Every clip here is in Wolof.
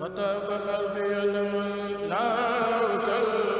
xataaka xalbi yàlla man laa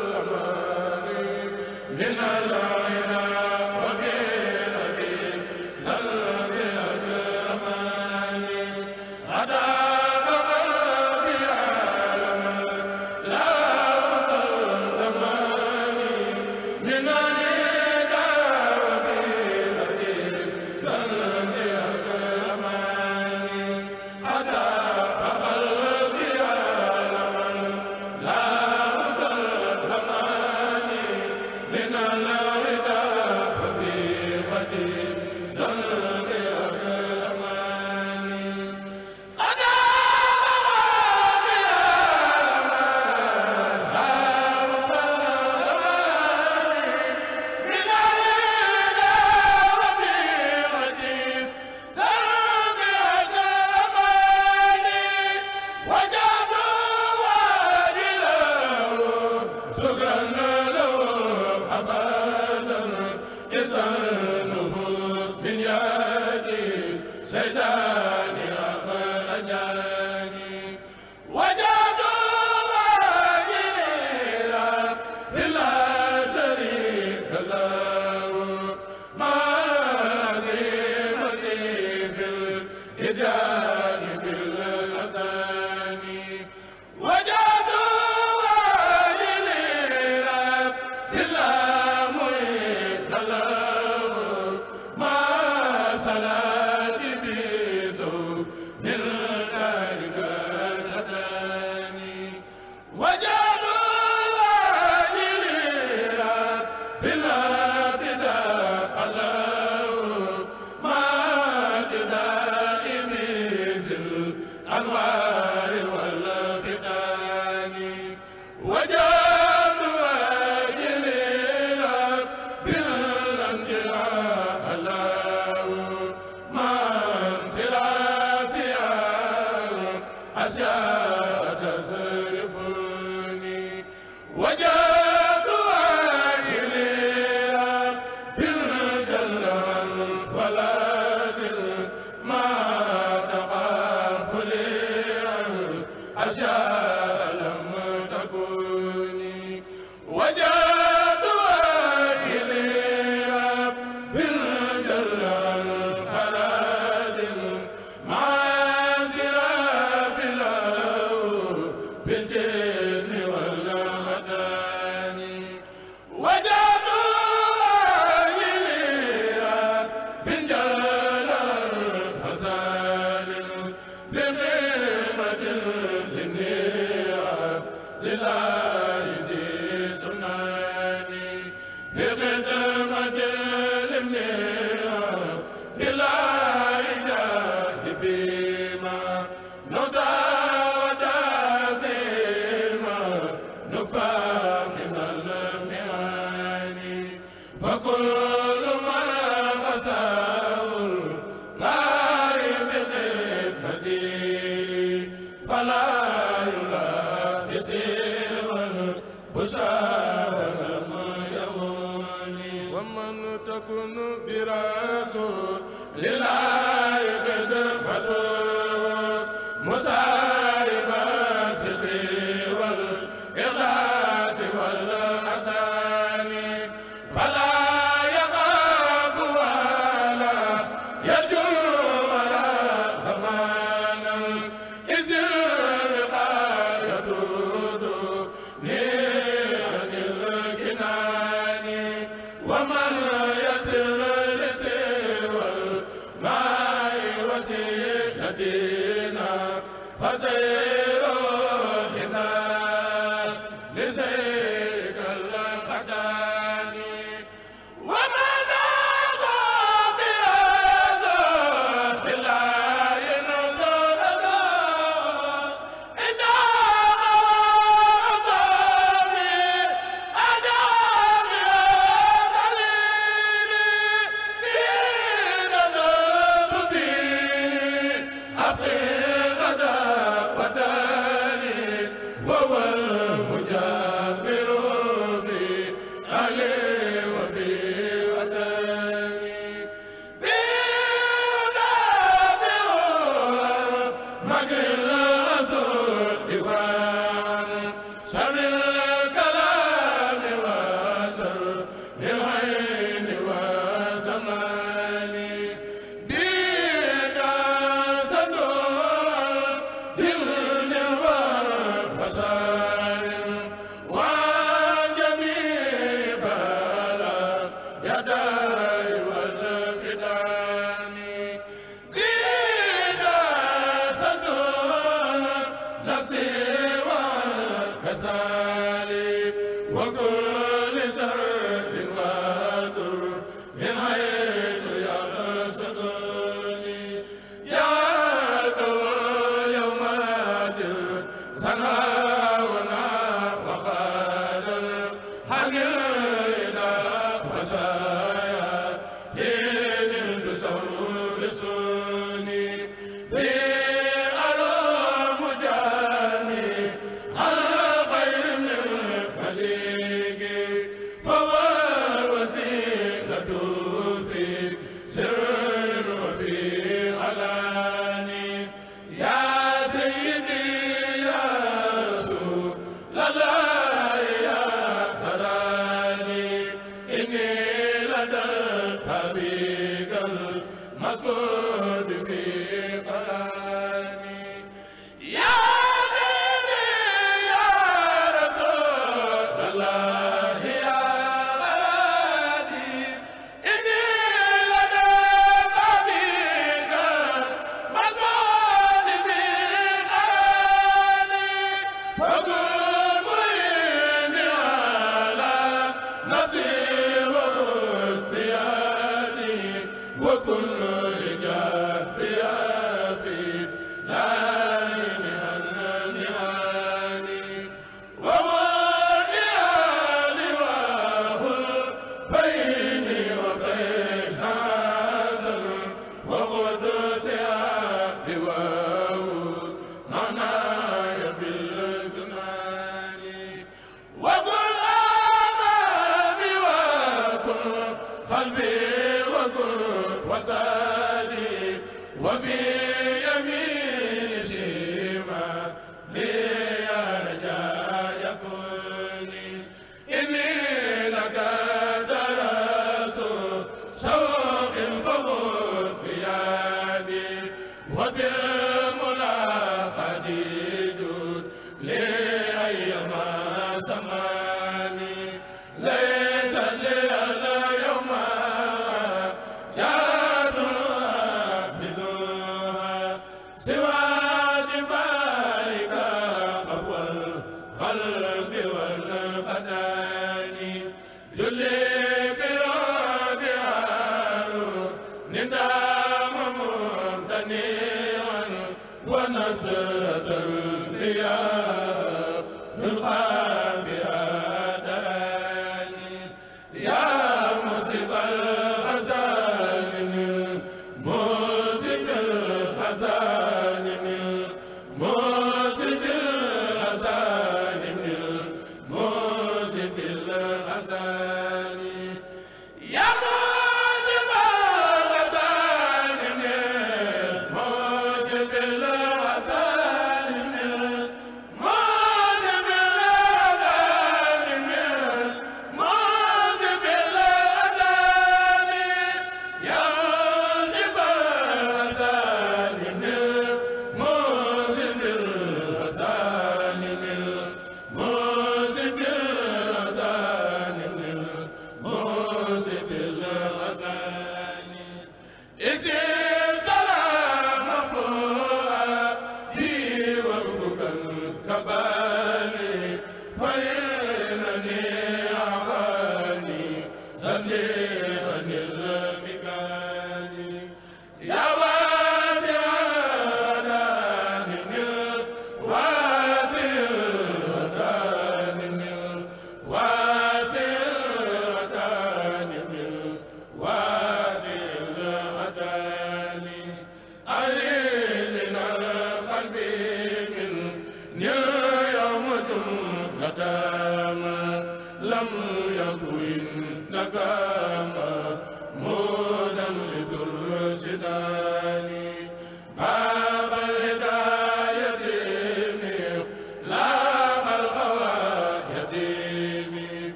Musa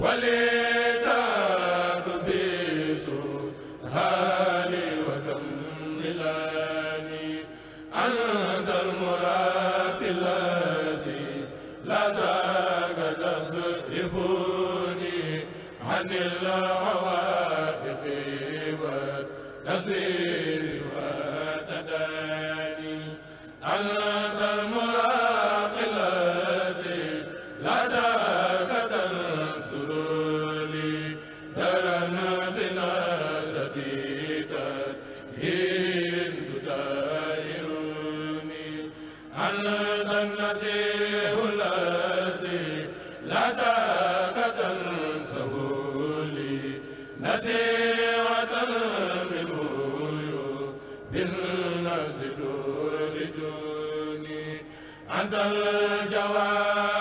wale بالناس تولدني أنت الجواب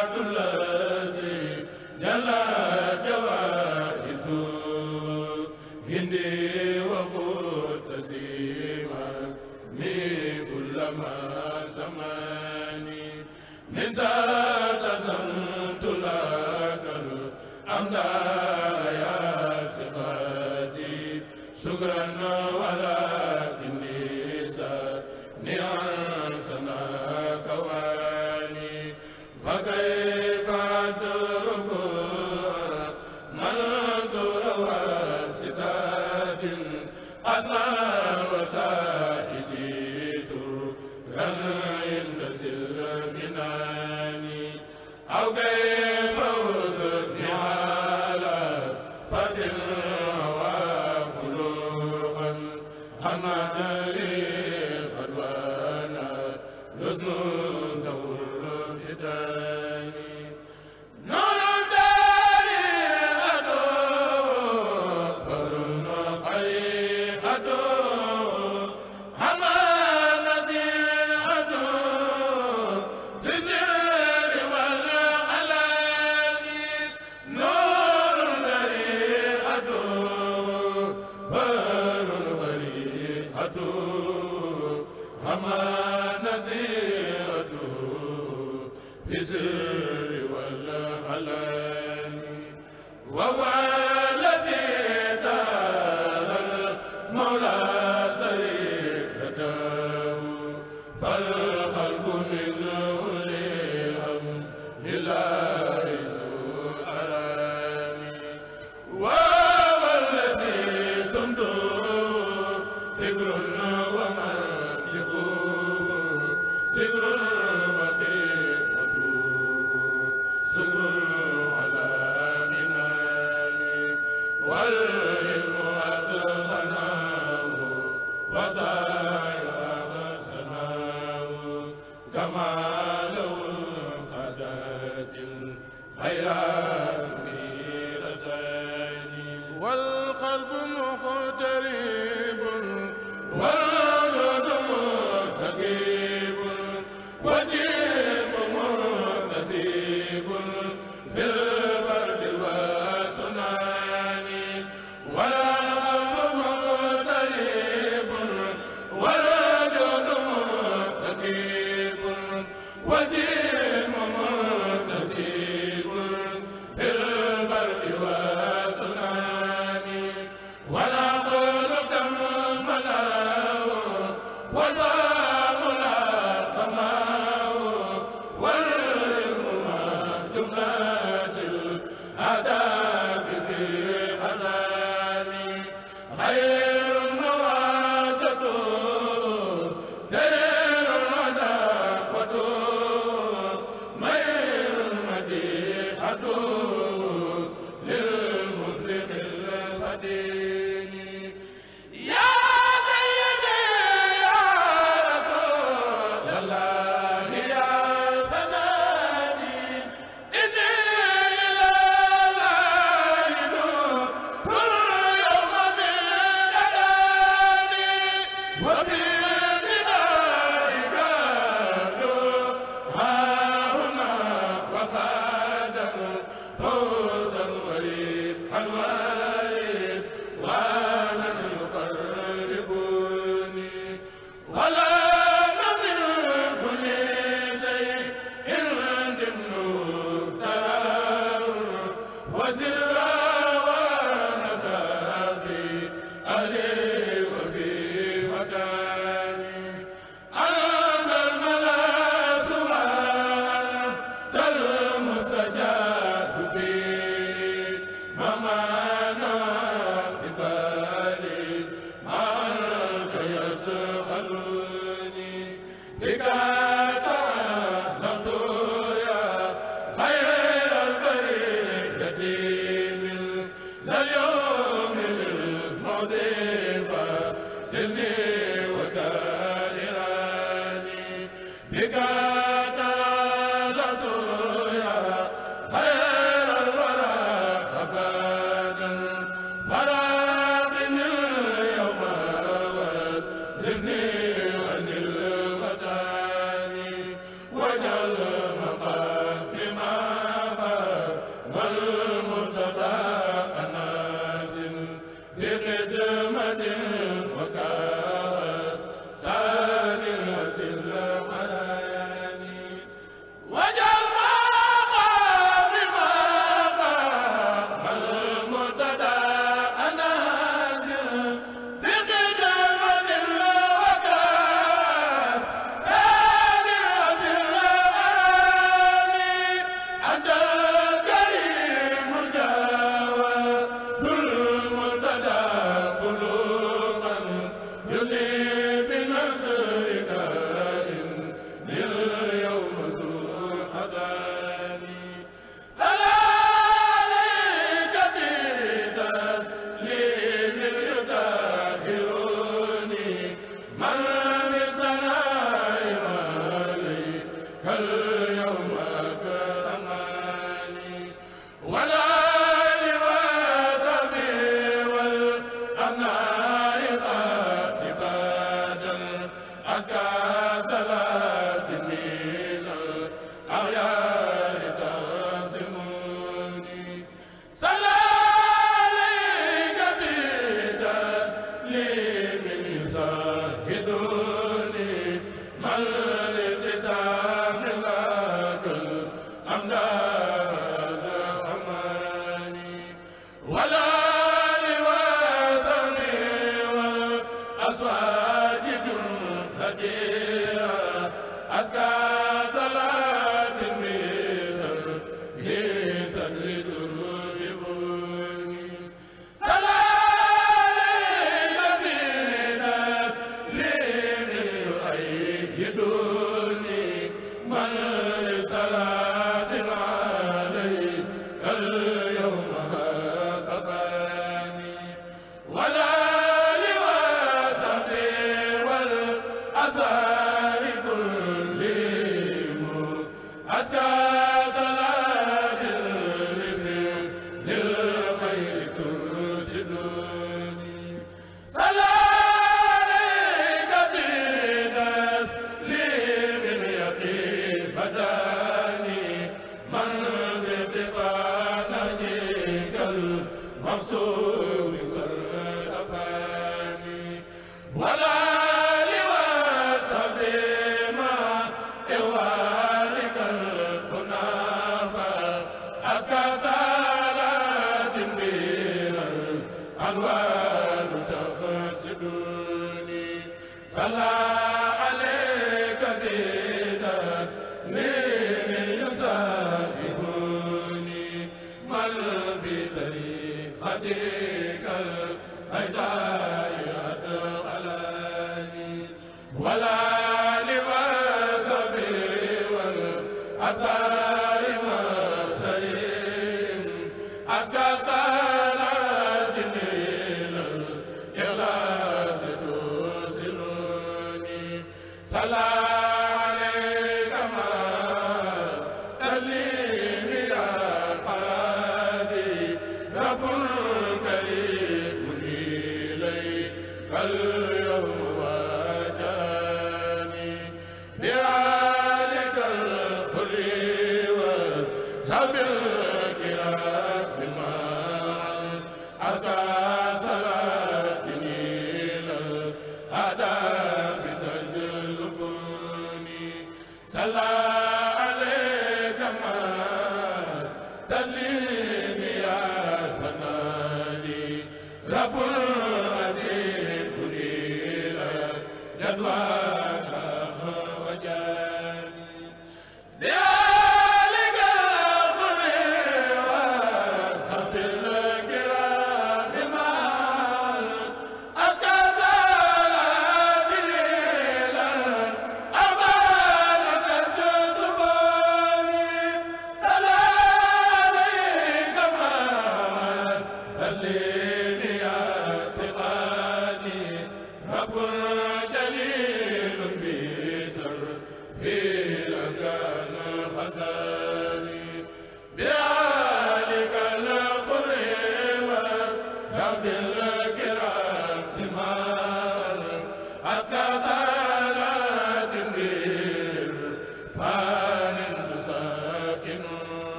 bal bil de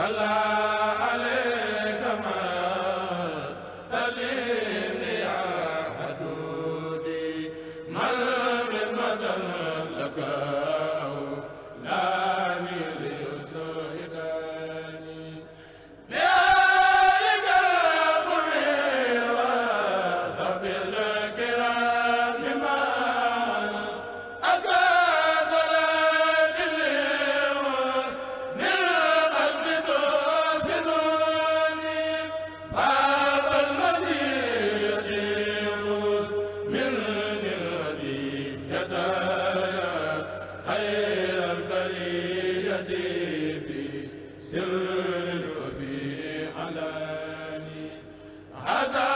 sala a